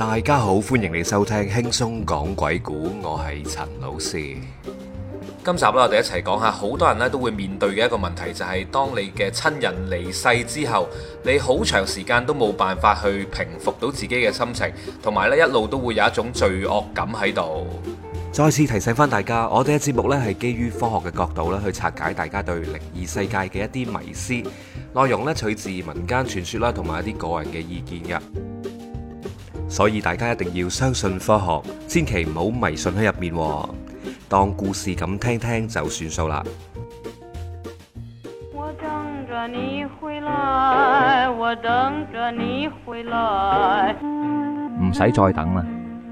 大家好，歡迎你收聽輕鬆講鬼故。我係陳老師。今集咧，我哋一齊講下，好多人咧都會面對嘅一個問題，就係、是、當你嘅親人離世之後，你好長時間都冇辦法去平復到自己嘅心情，同埋呢一路都會有一種罪惡感喺度。再次提醒翻大家，我哋嘅節目呢係基於科學嘅角度咧去拆解大家對靈異世界嘅一啲迷思，內容咧取自民間傳說啦，同埋一啲個人嘅意見嘅。所以大家一定要相信科學，千祈唔好迷信喺入面，當故事咁聽聽就算數啦。我等着你回來，我等着你回來。唔使再等啦，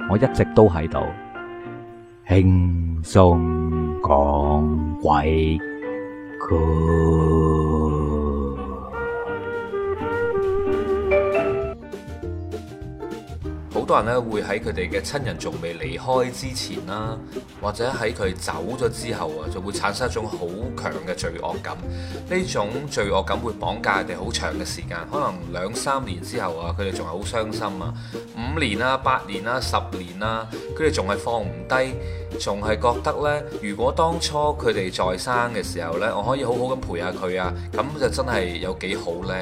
我一直都喺度，輕鬆講鬼故事。多人咧會喺佢哋嘅親人仲未離開之前啦，或者喺佢走咗之後啊，就會產生一種好強嘅罪惡感。呢種罪惡感會綁架佢哋好長嘅時間，可能兩三年之後啊，佢哋仲係好傷心啊，五年啦、八年啦、十年啦，佢哋仲係放唔低，仲係覺得呢，如果當初佢哋在生嘅時候呢，我可以好好咁陪下佢啊，咁就真係有幾好呢，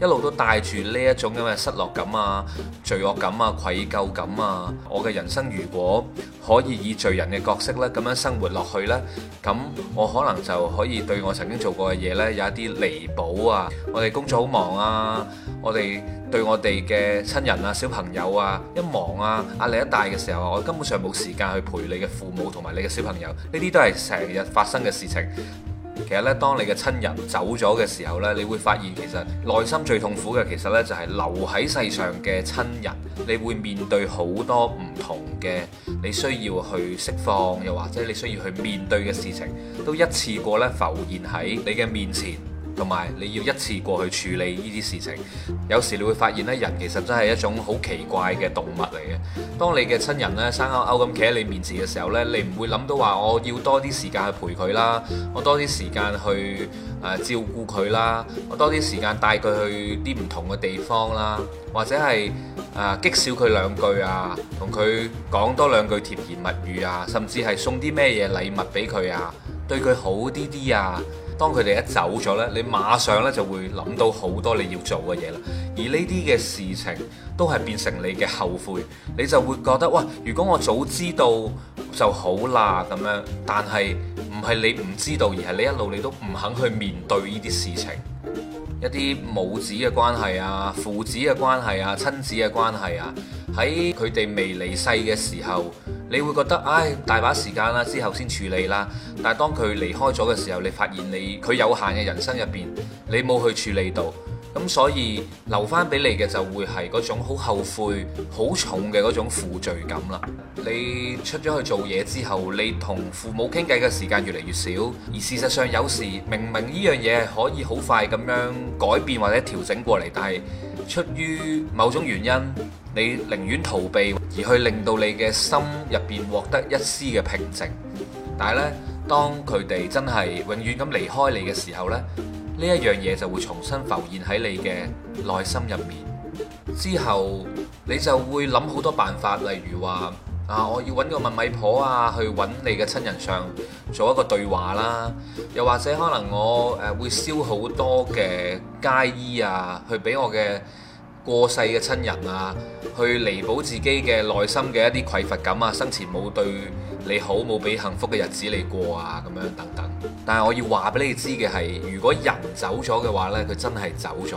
一路都帶住呢一種咁嘅失落感啊、罪惡感啊、愧成就感啊！我嘅人生如果可以以罪人嘅角色咧，咁樣生活落去呢，咁我可能就可以對我曾經做過嘅嘢呢，有一啲彌補啊！我哋工作好忙啊，我哋對我哋嘅親人啊、小朋友啊，一忙啊，壓力一大嘅時候啊，我根本上冇時間去陪你嘅父母同埋你嘅小朋友，呢啲都係成日發生嘅事情。其實咧，當你嘅親人走咗嘅時候呢，你會發現其實內心最痛苦嘅，其實呢就係留喺世上嘅親人，你會面對好多唔同嘅你需要去釋放，又或者你需要去面對嘅事情，都一次過呢浮現喺你嘅面前。同埋你要一次過去處理呢啲事情，有時你會發現咧，人其實真係一種好奇怪嘅動物嚟嘅。當你嘅親人咧生勾勾咁企喺你面前嘅時候咧，你唔會諗到話我要多啲時間去陪佢啦，我多啲時間去誒、呃、照顧佢啦，我多啲時間帶佢去啲唔同嘅地方啦，或者係誒、呃、激少佢兩句啊，同佢講多兩句甜言蜜語啊，甚至係送啲咩嘢禮物俾佢啊，對佢好啲啲啊。當佢哋一走咗呢，你馬上呢就會諗到好多你要做嘅嘢啦。而呢啲嘅事情都係變成你嘅後悔，你就會覺得哇！如果我早知道就好啦咁樣。但係唔係你唔知道，而係你一路你都唔肯去面對呢啲事情，一啲母子嘅關係啊、父子嘅關係啊、親子嘅關係啊，喺佢哋未離世嘅時候。你會覺得，唉、哎，大把時間啦，之後先處理啦。但係當佢離開咗嘅時候，你發現你佢有限嘅人生入邊，你冇去處理到。咁所以留翻俾你嘅就會係嗰種好後悔、好重嘅嗰種負罪感啦。你出咗去做嘢之後，你同父母傾偈嘅時間越嚟越少。而事實上，有時明明呢樣嘢係可以好快咁樣改變或者調整過嚟，但係出於某種原因，你寧願逃避，而去令到你嘅心入邊獲得一絲嘅平靜。但係呢，當佢哋真係永遠咁離開你嘅時候呢。呢一樣嘢就會重新浮現喺你嘅內心入面，之後你就會諗好多辦法，例如話啊，我要揾個問米婆啊，去揾你嘅親人上做一個對話啦，又或者可能我誒會燒好多嘅街衣啊，去俾我嘅過世嘅親人啊，去彌補自己嘅內心嘅一啲匱乏感啊，生前冇對你好，冇俾幸福嘅日子你過啊，咁樣等等。但係我要話俾你知嘅係，如果人走咗嘅話呢，佢真係走咗。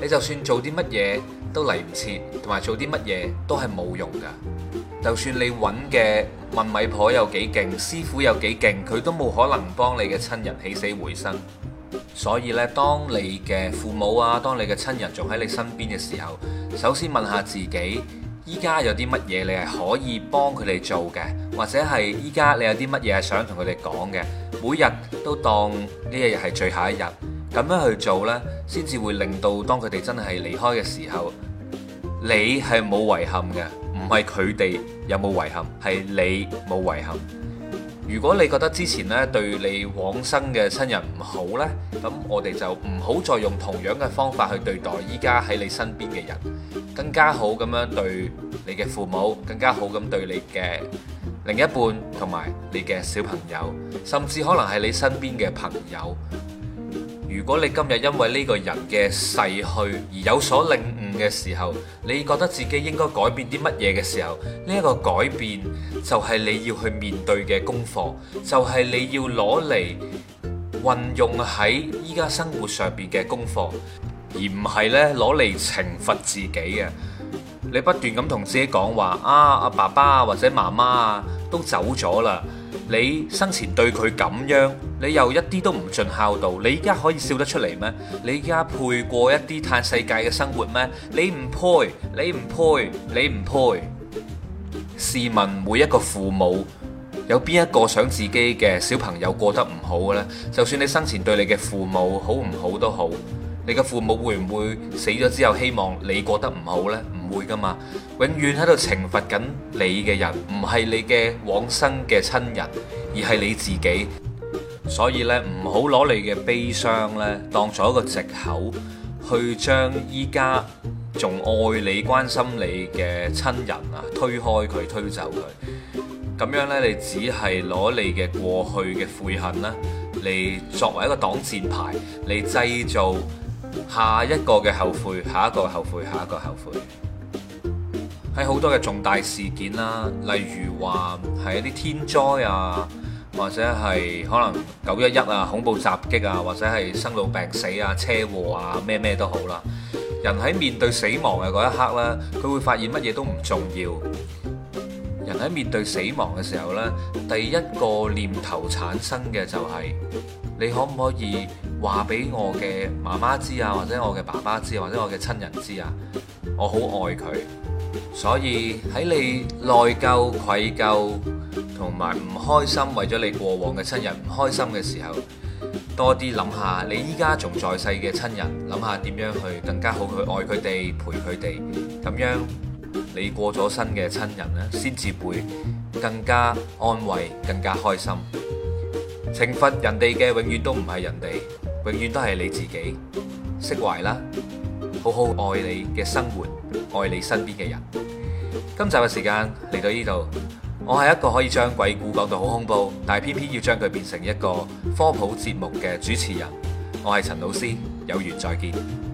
你就算做啲乜嘢都嚟唔切，同埋做啲乜嘢都係冇用噶。就算你揾嘅問米婆有幾勁，師傅有幾勁，佢都冇可能幫你嘅親人起死回生。所以咧，當你嘅父母啊，當你嘅親人仲喺你身邊嘅時候，首先問下自己，依家有啲乜嘢你係可以幫佢哋做嘅，或者係依家你有啲乜嘢係想同佢哋講嘅，每日都當呢一日係最後一日，咁樣去做呢，先至會令到當佢哋真係離開嘅時候，你係冇遺憾嘅，唔係佢哋有冇遺憾，係你冇遺憾。如果你覺得之前呢對你往生嘅親人唔好呢，咁我哋就唔好再用同樣嘅方法去對待依家喺你身邊嘅人，更加好咁樣對你嘅父母，更加好咁對你嘅另一半同埋你嘅小朋友，甚至可能係你身邊嘅朋友。如果你今日因為呢個人嘅逝去而有所領悟嘅時候，你覺得自己應該改變啲乜嘢嘅時候，呢一個改變就係你要去面對嘅功課，就係你要攞嚟運用喺依家生活上邊嘅功課，而唔係呢攞嚟懲罰自己嘅。你不斷咁同自己講話啊，阿爸爸或者媽媽啊都走咗啦，你生前對佢咁樣。你又一啲都唔盡孝道，你依家可以笑得出嚟咩？你依家配過一啲嘆世界嘅生活咩？你唔配，你唔配，你唔配。試問每一個父母有邊一個想自己嘅小朋友過得唔好嘅咧？就算你生前對你嘅父母好唔好都好，你嘅父母會唔會死咗之後希望你過得唔好呢？唔會㗎嘛，永遠喺度懲罰緊你嘅人，唔係你嘅往生嘅親人，而係你自己。所以咧，唔好攞你嘅悲傷咧當作一個藉口，去將依家仲愛你、關心你嘅親人啊，推開佢、推走佢。咁樣呢，你只係攞你嘅過去嘅悔恨啦，嚟作為一個擋箭牌，嚟製造下一個嘅後悔，下一個後悔，下一個後悔。喺好多嘅重大事件啦，例如話係一啲天災啊。或者係可能九一一啊，恐怖襲擊啊，或者係生老病死啊，車禍啊，咩咩都好啦。人喺面對死亡嘅嗰一刻呢，佢會發現乜嘢都唔重要。人喺面對死亡嘅時候呢，第一個念頭產生嘅就係、是：你可唔可以話俾我嘅媽媽知啊，或者我嘅爸爸知、啊，或者我嘅親人知啊？我好愛佢，所以喺你內疚、愧疚。同埋唔開心，為咗你過往嘅親人唔開心嘅時候，多啲諗下你依家仲在世嘅親人，諗下點樣去更加好去愛佢哋，陪佢哋，咁樣你過咗身嘅親人呢，先至會更加安慰，更加開心。懲罰人哋嘅永遠都唔係人哋，永遠都係你自己。釋懷啦，好好愛你嘅生活，愛你身邊嘅人。今集嘅時間嚟到呢度。我係一個可以將鬼故講到好恐怖，但係偏偏要將佢變成一個科普節目嘅主持人。我係陳老師，有緣再見。